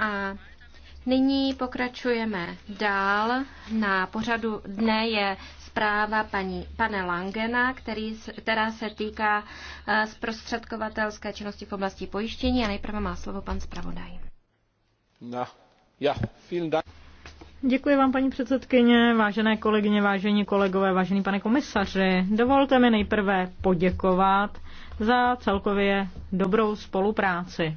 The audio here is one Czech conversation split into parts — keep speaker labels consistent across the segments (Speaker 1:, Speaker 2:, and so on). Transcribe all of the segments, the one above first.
Speaker 1: A nyní pokračujeme dál. Na pořadu dne je zpráva paní, pane Langena, který, která se týká eh, zprostředkovatelské činnosti v oblasti pojištění. A nejprve má slovo pan zpravodaj.
Speaker 2: No, ja,
Speaker 3: Děkuji vám, paní předsedkyně, vážené kolegyně, vážení kolegové, vážený pane komisaři. Dovolte mi nejprve poděkovat za celkově dobrou spolupráci.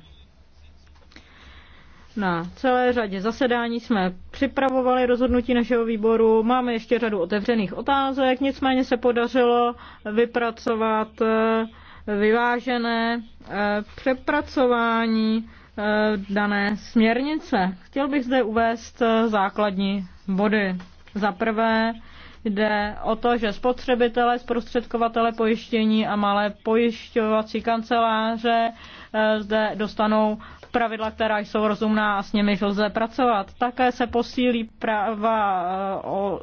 Speaker 3: Na celé řadě zasedání jsme připravovali rozhodnutí našeho výboru, máme ještě řadu otevřených otázek, nicméně se podařilo vypracovat eh, vyvážené eh, přepracování eh, dané směrnice. Chtěl bych zde uvést základní body. Za prvé jde o to, že spotřebitele, zprostředkovatele pojištění a malé pojišťovací kanceláře zde dostanou pravidla, která jsou rozumná a s nimi lze pracovat. Také se posílí práva eh, o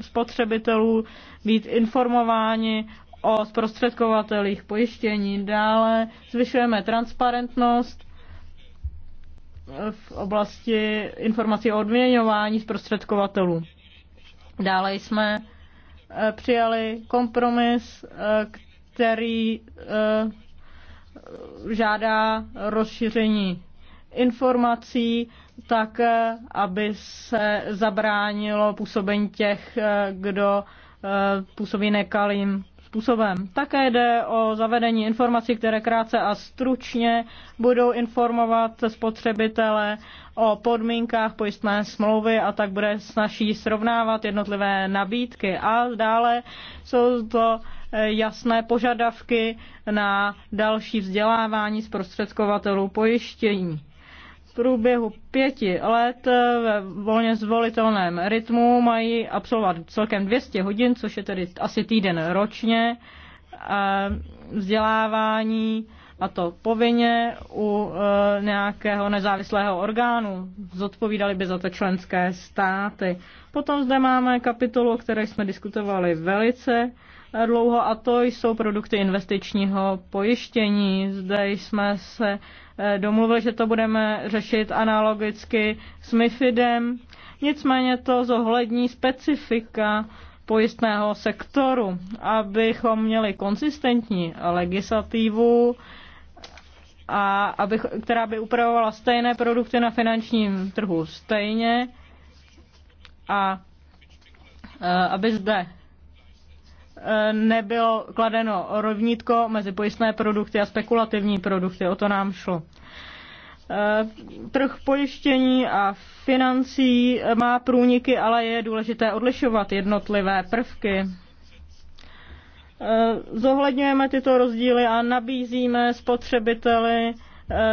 Speaker 3: spotřebitelů být informováni o zprostředkovatelích pojištění. Dále zvyšujeme transparentnost eh, v oblasti informací o odměňování zprostředkovatelů. Dále jsme eh, přijali kompromis, který žádá rozšíření informací, tak eh, aby se zabránilo působení těch, eh, kdo eh, působí nekalým způsobem. Také jde o zavedení informací, které krátce a stručně budou informovat spotřebitele o podmínkách pojistné smlouvy a tak bude snaží srovnávat jednotlivé nabídky. A dále jsou to jasné požadavky na další vzdělávání zprostředkovatelů pojištění. V průběhu pěti let ve volně zvolitelném rytmu mají absolvovat celkem 200 hodin, což je tedy asi týden ročně vzdělávání a to povinně u e, nějakého nezávislého orgánu. Zodpovídali by za to členské státy. Potom zde máme kapitolu, o které jsme diskutovali velice dlouho a to jsou produkty investičního pojištění. Zde jsme se eh, domluvili, že to budeme řešit analogicky s MIFIDem, nicméně to zohlední specifika pojistného sektoru, abychom měli konsistentní legislativu, a aby, která by upravovala stejné produkty na finančním trhu stejně a eh, aby zde Eh, nebylo kladeno rovnítko mezi pojistné produkty a spekulativní produkty. O to nám šlo. Eh, trh pojištění a financí má průniky, ale je důležité odlišovat jednotlivé prvky. Eh, zohledňujeme tyto rozdíly a nabízíme spotřebiteli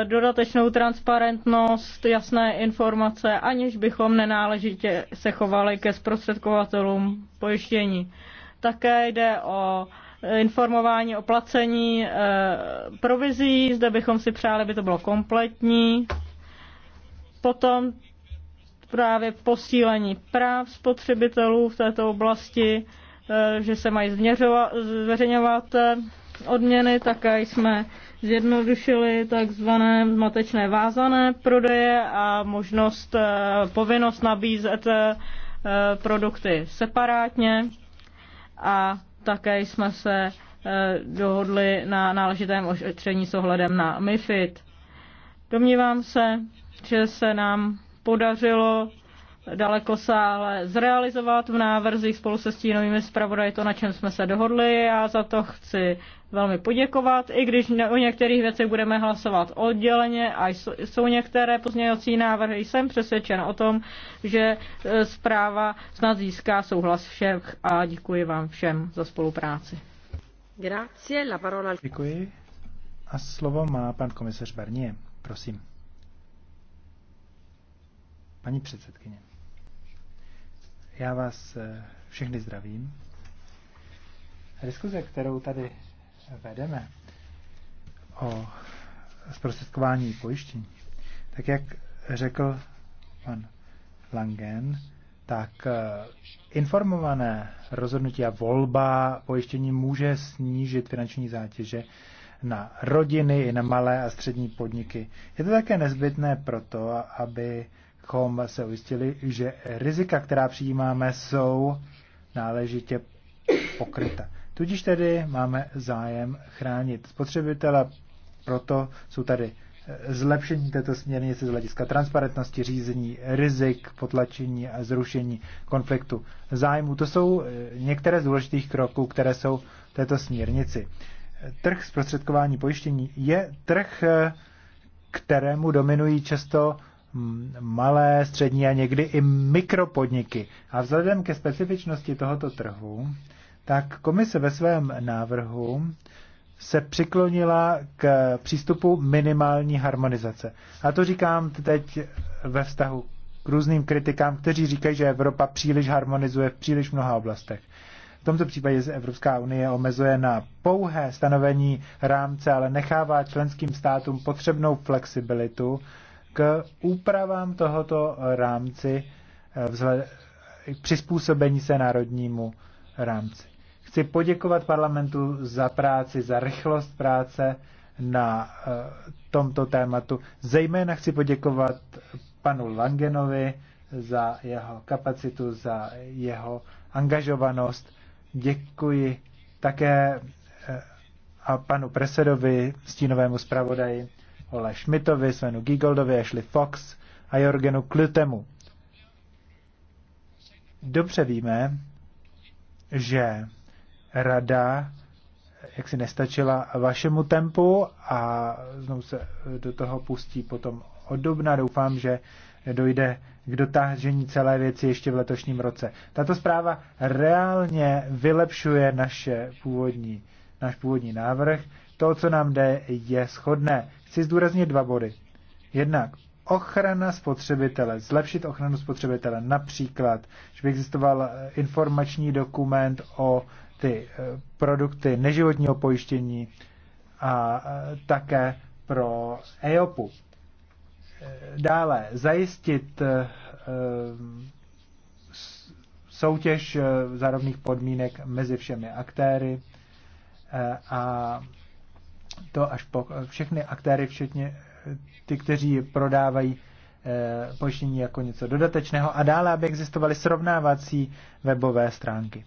Speaker 3: dodatečnou transparentnost, jasné informace, aniž bychom nenáležitě se chovali ke zprostředkovatelům pojištění. Také jde o informování o placení eh, provizí, zde bychom si přáli, aby to bylo kompletní. Potom právě posílení práv spotřebitelů v této oblasti, eh, že se mají zveřejňovat eh, odměny, také jsme zjednodušili takzvané zmatečné vázané prodeje a možnost, povinnost nabízet produkty separátně a také jsme se eh, dohodli na náležitém ošetření s ohledem na MIFID. Domnívám se, že se nám podařilo dalekosáhle zrealizovat v návrzích spolu se stínovými zpravodaji to, na čem jsme se dohodli. Já za to chci velmi poděkovat, i když o některých věcech budeme hlasovat odděleně a jsou některé pozměňovací návrhy. Jsem přesvědčen o tom, že e, zpráva snad získá souhlas všech a děkuji vám všem za spolupráci. Grazie, la parola...
Speaker 2: Děkuji. A slovo má pan komisař Barnier. Prosím. Paní předsedkyně. Já vás eh, všechny zdravím. Diskuze, kterou tady vedeme o zprostředkování pojištění, tak jak řekl pan Langen, tak eh, informované rozhodnutí a volba pojištění může snížit finanční zátěže na rodiny i na malé a střední podniky. Je to také nezbytné proto, aby abychom se ujistili, že rizika, která přijímáme, jsou náležitě pokryta. Tudíž tedy máme zájem chránit spotřebitele, proto jsou tady eh, zlepšení této směrnice z hlediska transparentnosti, řízení rizik, potlačení a zrušení konfliktu zájmu. To jsou eh, některé z důležitých kroků, které jsou této směrnici. Trh zprostředkování pojištění je trh, eh, kterému dominují často malé, střední a někdy i mikropodniky. A vzhledem ke specifičnosti tohoto trhu, tak komise ve svém návrhu se přiklonila k přístupu minimální harmonizace. A to říkám teď ve vztahu k různým kritikám, kteří říkají, že Evropa příliš harmonizuje v příliš mnoha oblastech. V tomto případě se Evropská unie omezuje na pouhé stanovení rámce, ale nechává členským státům potřebnou flexibilitu úpravám tohoto rámci eh, vzhled, k přizpůsobení se národnímu rámci. Chci poděkovat parlamentu za práci, za rychlost práce na eh, tomto tématu. Zejména chci poděkovat panu Langenovi za jeho kapacitu, za jeho angažovanost. Děkuji také eh, a panu Presedovi, stínovému zpravodaji Ole Schmidtovi, Svenu Gigoldovi, Ashley Fox a Jorgenu Klutemu. Dobře víme, že rada jak si nestačila vašemu tempu a znovu se do toho pustí potom od dubna. Doufám, že dojde k dotážení celé věci ještě v letošním roce. Tato zpráva reálně vylepšuje naše původní, náš původní návrh. To, co nám jde, je shodné chci zdůraznit dva body. Jednak ochrana spotřebitele, zlepšit ochranu spotřebitele, například, že by existoval eh, informační dokument o ty eh, produkty neživotního pojištění a eh, také pro EOPu. Dále zajistit soutěž zárovných podmínek mezi všemi aktéry a to až po všechny aktéry, včetně eh, ty, kteří prodávají eh, pojištění jako něco dodatečného a dále, aby existovaly srovnávací webové stránky.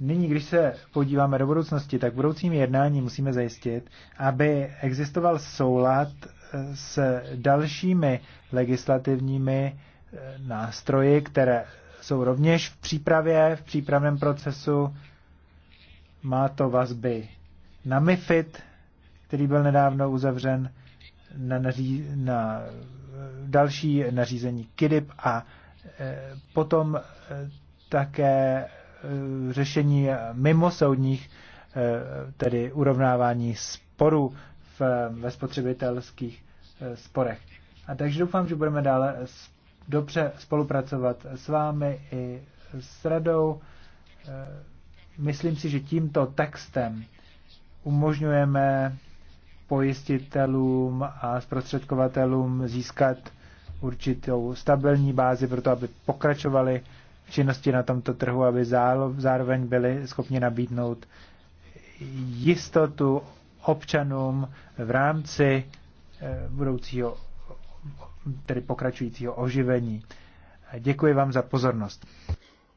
Speaker 2: Nyní, když se podíváme do budoucnosti, tak v budoucím jednání musíme zajistit, aby existoval soulad eh, s dalšími legislativními nástroji, které jsou rovněž v přípravě, v přípravném procesu. Má to vazby na MIFID, který byl nedávno uzavřen na, naří, na další nařízení KIDIP a e, potom e, také e, řešení mimo soudních, tedy urovnávání sporů v, ve spotřebitelských sporech. A takže doufám, že budeme dále dobře spolupracovat s vámi i s radou. Myslím si, že tímto textem umožňujeme pojistitelům a zprostředkovatelům získat určitou stabilní bázi pro to, aby pokračovali v činnosti na tomto trhu, aby zároveň byli schopni nabídnout jistotu občanům v rámci eh, budoucího, tedy pokračujícího oživení. Děkuji vám za pozornost.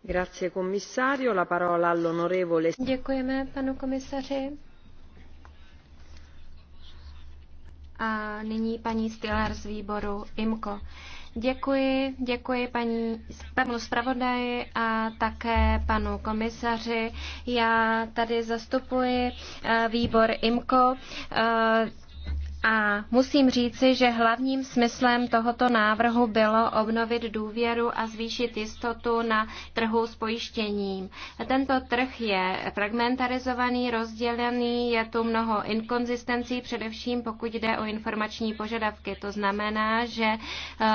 Speaker 1: Grazie, commissario.
Speaker 3: La parola all'onorevole.
Speaker 1: Děkujeme panu komisaři. a nyní paní Stiller z výboru IMKO. Děkuji, děkuji paní, panu zpravodaji a také panu komisaři. Já tady zastupuji eh, výbor IMKO. Eh, a musím říci, že hlavním smyslem tohoto návrhu bylo obnovit důvěru a zvýšit jistotu na trhu s pojištěním. Tento trh je fragmentarizovaný, rozdělený, je tu mnoho inkonzistencí, především pokud jde o informační požadavky. To znamená, že eh,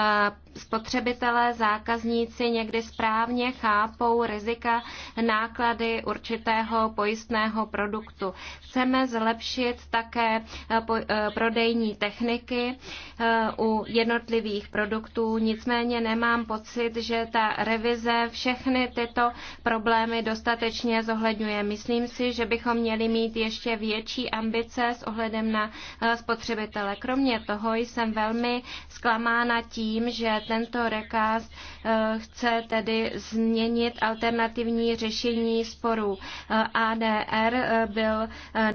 Speaker 1: spotřebitelé, zákazníci někdy správně chápou rizika náklady určitého pojistného produktu. Chceme zlepšit také eh, eh, prodej prodejní techniky eh, u jednotlivých produktů. Nicméně nemám pocit, že ta revize všechny tyto problémy dostatečně zohledňuje. Myslím si, že bychom měli mít ještě větší ambice s ohledem na eh, spotřebitele. Kromě toho jsem velmi zklamána tím, že tento rekaz eh, chce tedy změnit alternativní řešení sporů. ADR byl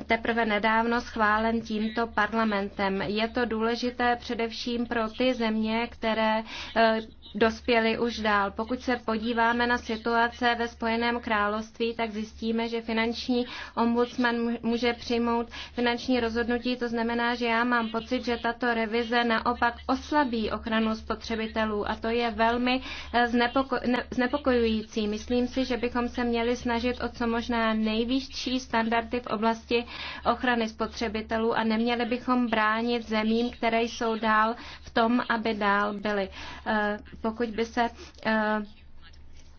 Speaker 1: teprve nedávno schválen tímto parlamentem světem. Je to důležité především pro ty země, které eh, dospěli už dál. Pokud se podíváme na situace ve Spojeném království, tak zjistíme, že finanční ombudsman může přijmout finanční rozhodnutí. To znamená, že já mám pocit, že tato revize naopak oslabí ochranu spotřebitelů a to je velmi eh, znepoko- ne- znepokojující. Myslím si, že bychom se měli snažit o co možná nejvyšší standardy v oblasti ochrany spotřebitelů a neměli bychom brát bránit zemím, které jsou dál v tom, aby dál byly. Eh, pokud by se eh,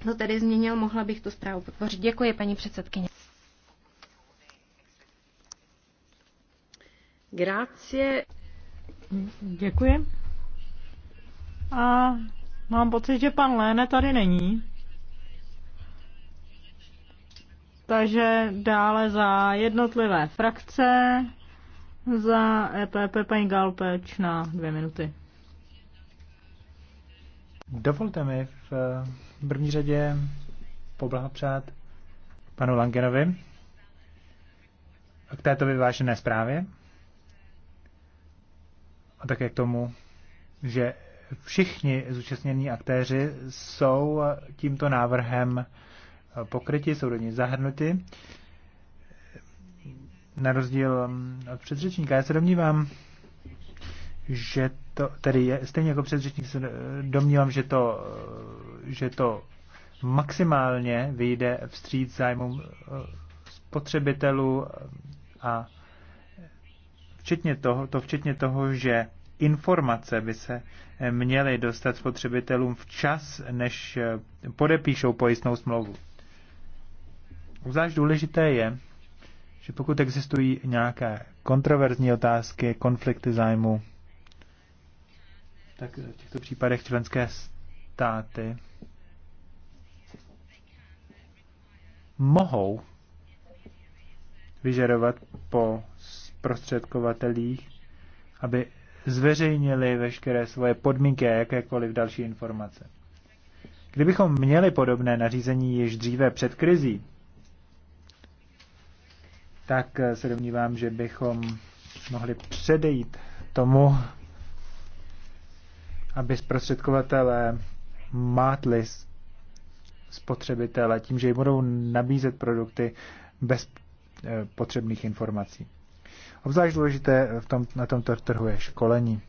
Speaker 1: to tedy změnil, mohla bych tu zprávu podpořit. Děkuji, paní předsedkyně.
Speaker 3: Grazie. Děkuji. A mám pocit, že pan Léne tady není. Takže dále za jednotlivé frakce za EPP paní Galpeč na dvě minuty.
Speaker 2: Dovolte mi eh, v první řadě poblahopřát panu Langenovi k této vyvážené zprávě a také k tomu, že všichni zúčastnění aktéři jsou tímto návrhem pokryti, jsou do ní zahrnuty na rozdíl um, od předřečníka. Já se domnívám, že to, tedy je, stejně jako předřečník se domnívám, že to, uh, že to maximálně vyjde vstříc zájmům uh, spotřebitelů um, a včetně toho, to včetně toho, že informace by se eh, měly dostat spotřebitelům včas, než eh, podepíšou pojistnou smlouvu. Zvlášť důležité je, že pokud existují nějaké kontroverzní otázky, konflikty zájmu, tak v těchto případech členské státy mohou vyžadovat po zprostředkovatelích, aby zveřejnili veškeré svoje podmínky a jakékoliv další informace. Kdybychom měli podobné nařízení již dříve před krizí, tak eh, se domnívám, že bychom mohli předejít tomu, aby zprostředkovatelé mátli spotřebitele tím, že jim budou nabízet produkty bez eh, potřebných informací. Obzvlášť důležité v tom, na tomto trhu je školení.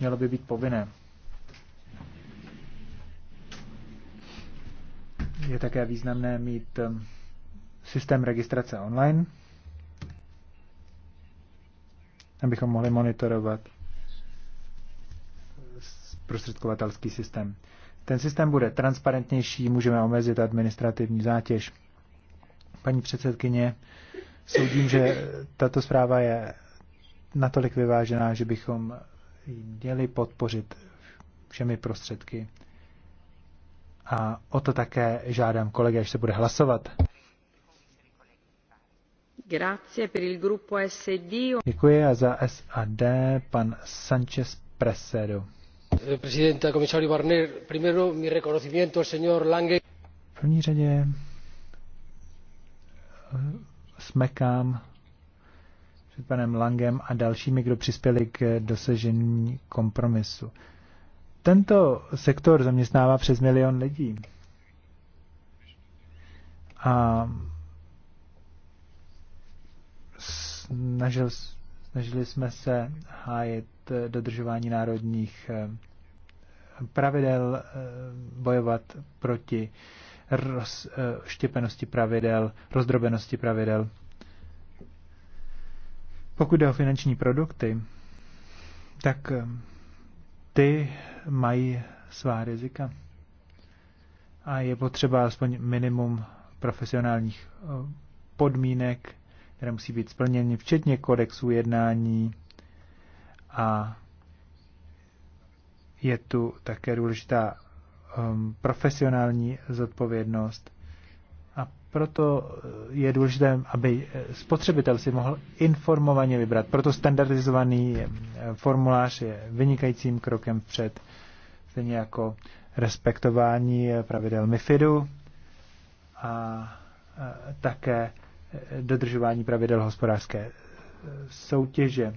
Speaker 2: Mělo by být povinné. Je také významné mít eh, systém registrace online, abychom mohli monitorovat prostředkovatelský systém. Ten systém bude transparentnější, můžeme omezit administrativní zátěž. Paní předsedkyně, soudím, že tato zpráva je natolik vyvážená, že bychom ji měli podpořit všemi prostředky. A o to také žádám kolegy, až se bude hlasovat. Děkuji a eh, Presidenta, Barnier, primero mi reconocimiento al señor Lange. V první řadě eh, smekám před panem Langem a dalšími, kdo přispěli k dosažení kompromisu. Tento sektor zaměstnává přes milion lidí. A snažil, snažili jsme se hájit dodržování národních eh, pravidel, eh, bojovat proti rozštěpenosti eh, pravidel, rozdrobenosti pravidel. Pokud jde o finanční produkty, tak ty mají svá rizika. A je potřeba aspoň minimum profesionálních podmínek které musí být splněny, včetně kodexu jednání. A je tu také důležitá um, profesionální zodpovědnost. A proto uh, je důležité, aby eh, spotřebitel si mohl informovaně vybrat. Proto standardizovaný eh, formulář je vynikajícím krokem vpřed, stejně jako respektování eh, pravidel MIFIDu a také dodržování pravidel hospodářské soutěže.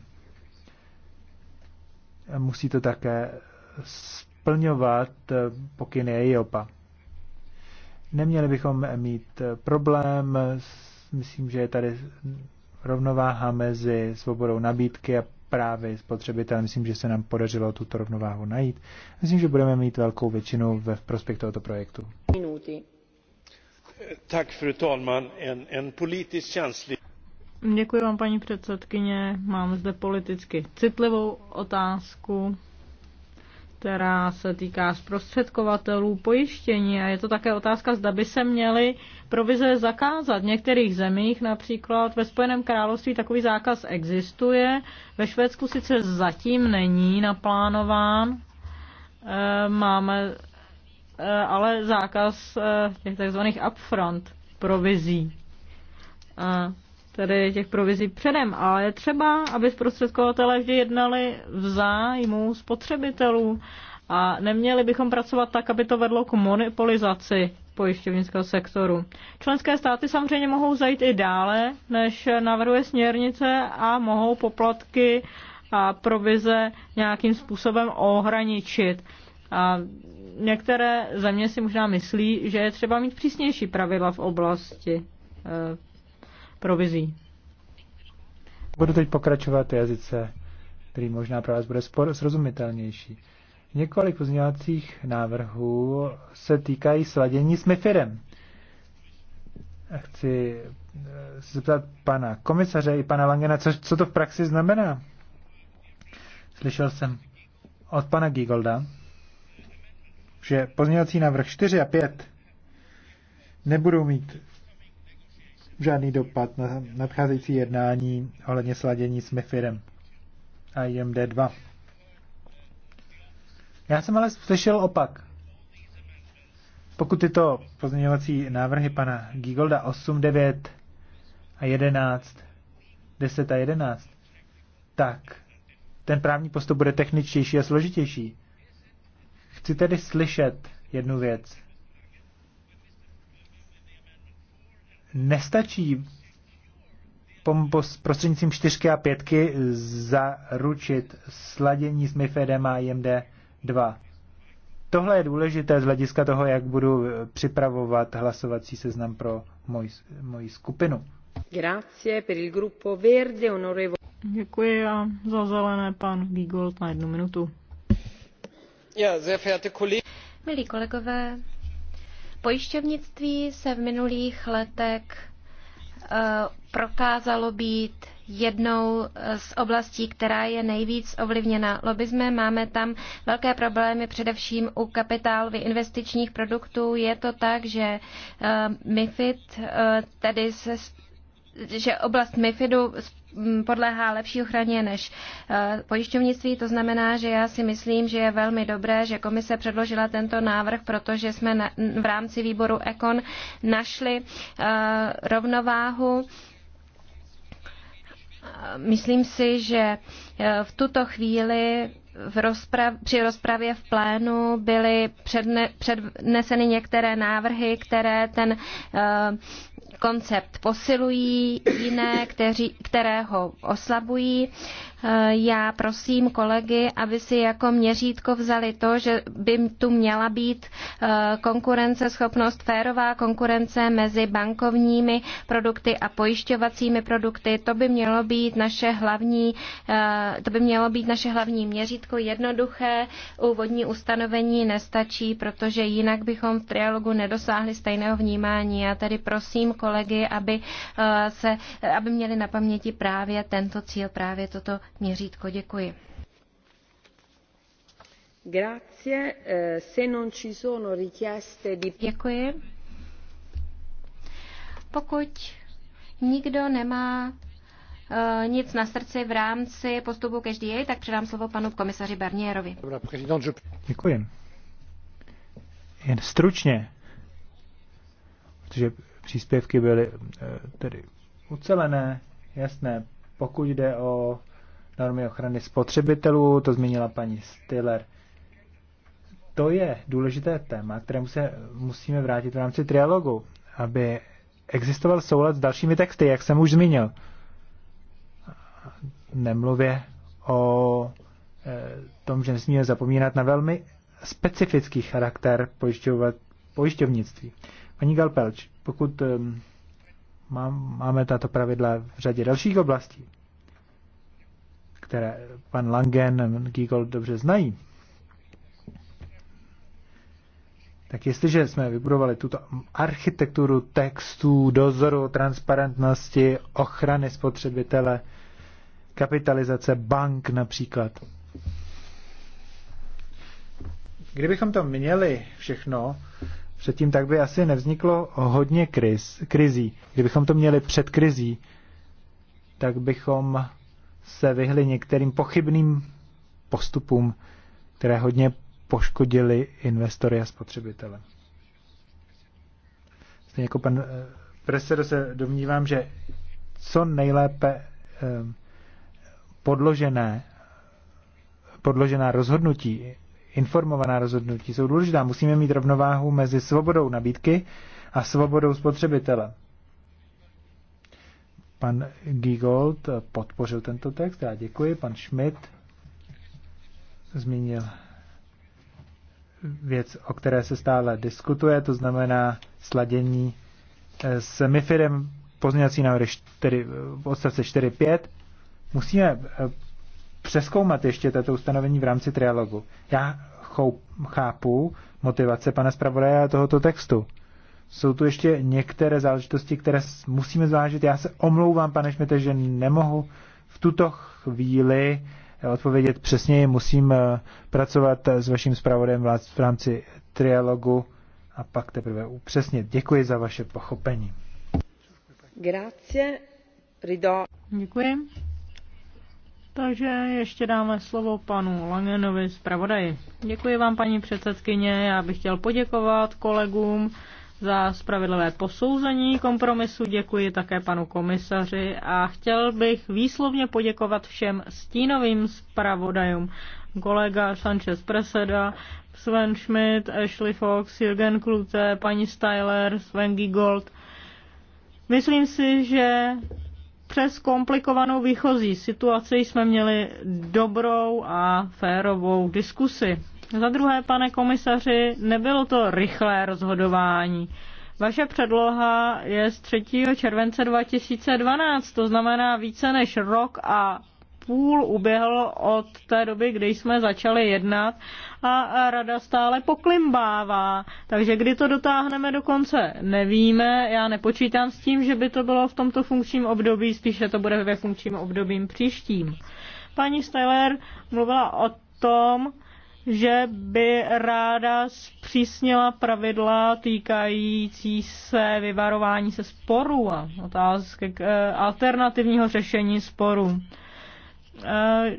Speaker 2: Musí to také splňovat pokyny EIOPA. Neměli bychom mít problém, myslím, že je tady rovnováha mezi svobodou nabídky a právě spotřebitel. Myslím, že se nám podařilo tuto rovnováhu najít. Myslím, že budeme mít velkou většinu ve prospěch tohoto projektu.
Speaker 1: Minuty. Fru talman. En, en politisk känslig...
Speaker 3: Děkuji vám, paní předsedkyně. Mám zde politicky citlivou otázku, která se týká zprostředkovatelů pojištění. A je to také otázka, zda by se měly provize zakázat. V některých zemích, například ve Spojeném království, takový zákaz existuje. Ve Švédsku sice zatím není naplánován. Eh, máme Eh, ale zákaz eh, těch takzvaných upfront provizí. Eh, tedy těch provizí předem, ale je třeba, aby zprostředkovatelé vždy jednali v zájmu spotřebitelů a neměli bychom pracovat tak, aby to vedlo k monopolizaci pojišťovnického sektoru. Členské státy samozřejmě mohou zajít i dále, než navrhuje směrnice a mohou poplatky a provize nějakým způsobem ohraničit. A některé země si možná myslí, že je třeba mít přísnější pravidla v oblasti e, provizí.
Speaker 2: Budu teď pokračovat jazyce, který možná pro vás bude spor srozumitelnější. Několik pozměňovacích návrhů se týkají sladění s MIFIRem. Chci eh, se zeptat pana komisaře i pana Langena, co, co to v praxi znamená. Slyšel jsem od pana Gigolda, že pozměňovací návrh 4 a 5 nebudou mít žádný dopad na nadcházející jednání ohledně sladění s MIFIDem a IMD2. Já jsem ale slyšel opak. Pokud tyto pozměňovací návrhy pana Gigolda 8, 9 a 11, 10 a 11, tak ten právní postup bude techničtější a složitější. Chci tedy slyšet jednu věc. Nestačí prostřednictvím čtyřky a pětky zaručit sladění s MIFEDem a IMD 2. Tohle je důležité z hlediska toho, jak budu připravovat hlasovací seznam pro moji, moji skupinu.
Speaker 3: Grazie per il gruppo verde, Děkuji a za zelené pan Gigold na jednu minutu.
Speaker 1: Milí kolegové, pojišťovnictví se v minulých letech eh, prokázalo být jednou eh, z oblastí, která je nejvíc ovlivněna lobismem. Máme tam velké problémy především u kapitálových investičních produktů. Je to tak, že eh, MIFID tedy se že oblast MIFIDu podléhá lepší ochraně než e, pojišťovnictví. To znamená, že já si myslím, že je velmi dobré, že komise předložila tento návrh, protože jsme v rámci výboru ECON našli e, rovnováhu. Myslím si, že e, v tuto chvíli v rozprav, při rozpravě v plénu byly předne, předneseny některé návrhy, které ten koncept posilují, jiné, kteří, které ho oslabují. Eh, já prosím kolegy, aby si jako měřítko vzali to, že by tu měla být eh, konkurenceschopnost, férová konkurence mezi bankovními produkty a pojišťovacími produkty. To by mělo být naše hlavní, eh, to by mělo být naše hlavní měřítko. Jednoduché úvodní ustanovení nestačí, protože jinak bychom v trialogu nedosáhli stejného vnímání. Já tedy prosím kolegy, kolegy, aby, eh, se, eh, aby měli na paměti právě tento cíl, právě toto měřítko. Děkuji.
Speaker 3: Grazie. Eh, se non ci sono
Speaker 1: richieste di... Děkuji. Pokud nikdo nemá nic na srdci v rámci postupu každý jej, tak předám slovo panu komisaři Barnierovi.
Speaker 2: Děkuji. Jen stručně, protože příspěvky byly eh, tedy ucelené, jasné. Pokud jde o normy ochrany spotřebitelů, to zmínila paní Stiller, to je důležité téma, kterému se musíme vrátit v rámci trialogu, aby existoval soulad s dalšími texty, jak jsem už zmínil. Nemluvě o eh, tom, že nesmíme zapomínat na velmi specifický charakter pojišťovat, pojišťovnictví. Paní Galpelč, pokud máme tato pravidla v řadě dalších oblastí, které pan Langen, Giegel dobře znají, tak jestliže jsme vybudovali tuto architekturu textů, dozoru, transparentnosti, ochrany spotřebitele, kapitalizace bank například, kdybychom to měli všechno předtím, tak by asi nevzniklo hodně kriz, krizí. Kdybychom to měli před krizí, tak bychom se vyhli některým pochybným postupům, které hodně poškodili investory a spotřebitele. Stejně jako pan eh, Presedo se domnívám, že co nejlépe eh, podložené, podložená rozhodnutí informovaná rozhodnutí jsou důležitá. Musíme mít rovnováhu mezi svobodou nabídky a svobodou spotřebitele. Pan Gigold podpořil tento text, já děkuji. Pan Schmidt zmínil věc, o které se stále diskutuje, to znamená sladění eh, s MIFIDem pozměňovací návrhy 4, odstavce 4.5. Musíme eh, přeskoumat ještě tato ustanovení v rámci trialogu. Já chápu motivace pana zpravodaje a tohoto textu. Jsou tu ještě některé záležitosti, které musíme zvážit. Já se omlouvám, pane Šmite, že nemohu v tuto chvíli eh, odpovědět přesněji. Musím eh, pracovat eh, s vaším zpravodajem v rámci trialogu a pak teprve upřesnit. Děkuji za vaše pochopení.
Speaker 3: Grazie. ridò. Děkuji. Takže ještě dáme slovo panu Langenovi Pravodaji. Děkuji vám, paní předsedkyně. Já bych chtěl poděkovat kolegům za spravedlivé posouzení kompromisu. Děkuji také panu komisaři a chtěl bych výslovně poděkovat všem stínovým zpravodajům. Kolega Sanchez Preseda, Sven Schmidt, Ashley Fox, Jürgen Klute, paní Styler, Sven Gigold. Myslím si, že přes komplikovanou výchozí situaci jsme měli dobrou a férovou diskusi. Za druhé, pane komisaři, nebylo to rychlé rozhodování. Vaše předloha je z 3. července 2012, to znamená více než rok a půl uběhl od té doby, kdy jsme začali jednat a rada stále poklimbává. Takže kdy to dotáhneme do konce, nevíme. Já nepočítám s tím, že by to bylo v tomto funkčním období, spíše to bude ve funkčním obdobím příštím. Paní Steller mluvila o tom, že by ráda zpřísnila pravidla týkající se vyvarování se sporů a otázky k eh, alternativního řešení sporů. Eh,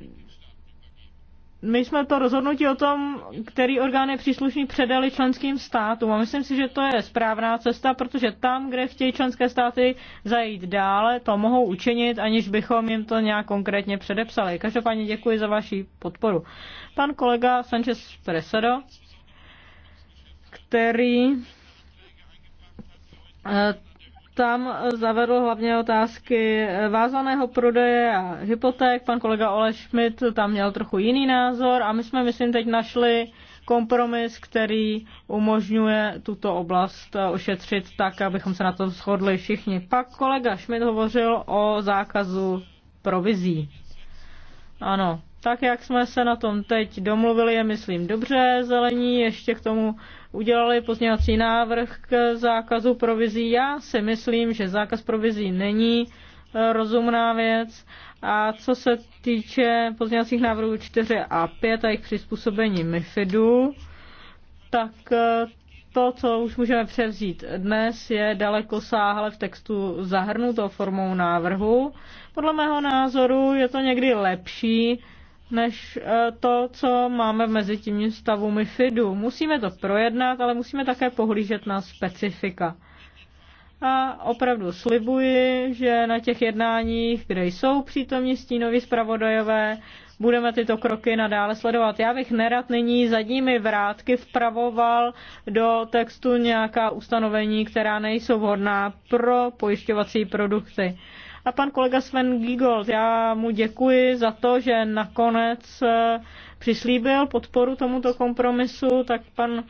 Speaker 3: my jsme to rozhodnutí o tom, který orgán je příslušný, předali členským státům. A myslím si, že to je správná cesta, protože tam, kde chtějí členské státy zajít dále, to mohou učinit, aniž bychom jim to nějak konkrétně předepsali. Každopádně děkuji za vaši podporu. Pan kolega Sanchez Presedo, který eh, tam zavedl hlavně otázky vázaného prodeje a hypoték. Pan kolega Ole Schmidt tam měl trochu jiný názor a my jsme, myslím, teď našli kompromis, který umožňuje tuto oblast ošetřit tak, abychom se na to shodli všichni. Pak kolega Schmidt hovořil o zákazu provizí. Ano, tak jak jsme se na tom teď domluvili, je myslím dobře, zelení ještě k tomu udělali pozměňovací návrh k zákazu provizí. Já si myslím, že zákaz provizí není eh, rozumná věc. A co se týče pozměňovacích návrhů 4 a 5 a jejich přizpůsobení MIFIDu, tak eh, to, co už můžeme převzít dnes, je daleko sáhle v textu zahrnuto formou návrhu. Podle mého názoru je to někdy lepší, než eh, to, co máme v mezitímním stavu MIFIDu. Musíme to projednat, ale musíme také pohlížet na specifika. A opravdu slibuji, že na těch jednáních, kde jsou přítomní stínoví zpravodajové, budeme tyto kroky nadále sledovat. Já bych nerad nyní zadními vrátky vpravoval do textu nějaká ustanovení, která nejsou vhodná pro pojišťovací produkty. A pan kolega Sven Gigol, já mu děkuji za to, že nakonec eh, přislíbil podporu tomuto kompromisu, tak pan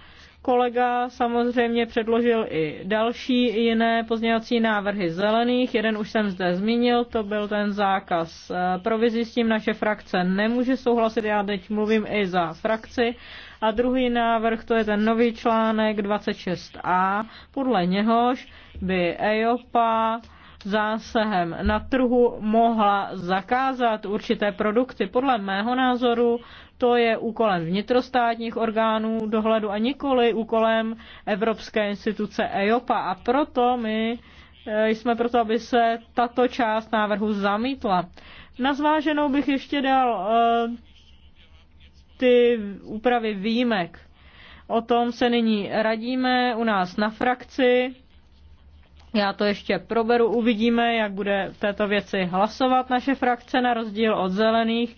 Speaker 3: kolega samozřejmě předložil i další jiné pozměňovací návrhy zelených. Jeden už jsem zde zmínil, to byl ten zákaz eh, provizí, s tím naše frakce nemůže souhlasit, já teď mluvím i za frakci. A druhý návrh, to je ten nový článek 26a, podle něhož by EOPA zásahem na trhu mohla zakázat určité produkty. Podle mého názoru to je úkolem vnitrostátních orgánů dohledu a nikoli úkolem Evropské instituce EIOPA. A proto my eh, jsme proto, aby se tato část návrhu zamítla. Na zváženou bych ještě dal eh, ty úpravy výjimek. O tom se nyní radíme u nás na frakci já to ještě proberu, uvidíme, jak bude v této věci hlasovat naše frakce, na rozdíl od zelených.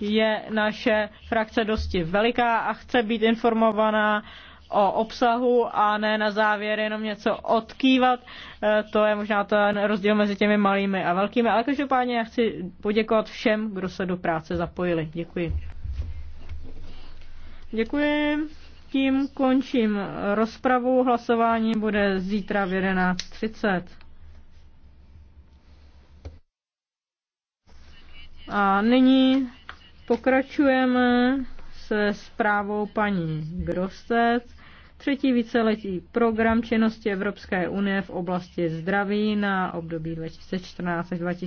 Speaker 3: Je naše frakce dosti veliká a chce být informovaná o obsahu a ne na závěr jenom něco odkývat. E, to je možná ten rozdíl mezi těmi malými a velkými, ale každopádně já chci poděkovat všem, kdo se do práce zapojili. Děkuji. Děkuji. Tím končím rozpravu. Hlasování bude zítra v 11.30. A nyní pokračujeme se zprávou paní Grosset. Třetí víceletí program činnosti Evropské unie v oblasti zdraví na období 2014 až 2020.